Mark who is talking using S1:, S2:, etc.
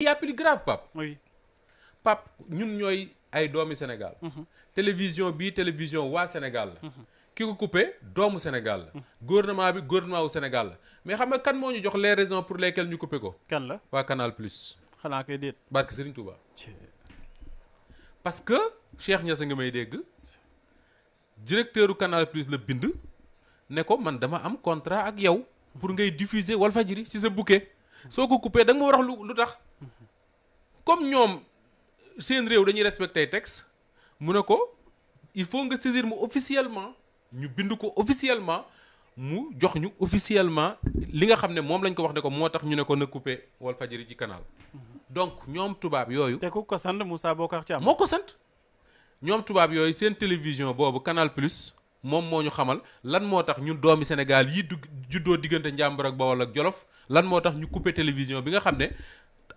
S1: il y a plus grave Pape. oui Pape ñun ñoy ay doomi Sénégal. Mhm. télévision bi télévision wa Sénégal la. Mhm. ki ko coupé doomu Sénégal la. Mhm. gouvernement bi gouvernement wu Sénégal mais xam nga kan moo ñu jox les raisons pour lesquelles ñu couper ko. kan la wa Canal Plus. xala kay déet. barke Serigne Touba. parce que Cheikh Niass nga may dégg directeur du Canal Plus le bind ne ko man dama am contrat ak yow pour ngay diffuser Walfadjri ci sa bouquet soko couper coupé ma wax lu lu tax comme nous seen réew dañuy respecter texte mu il faut nga saisir mu officiellement Nous bind officiellement mu jox ñu officiellement li nga xam ne lañ ko wax ne ko na coupé ci canal donc nous sommes yooyu. te ko sant Moussa Bokar Thiam Nous ko sant ñoom tubaab yooyu seen télévision boobu Canal Plus moom moo ñu xamal lan moo tax ñun Sénégal yi du juddoo diggante ak Bawol ak lan télévision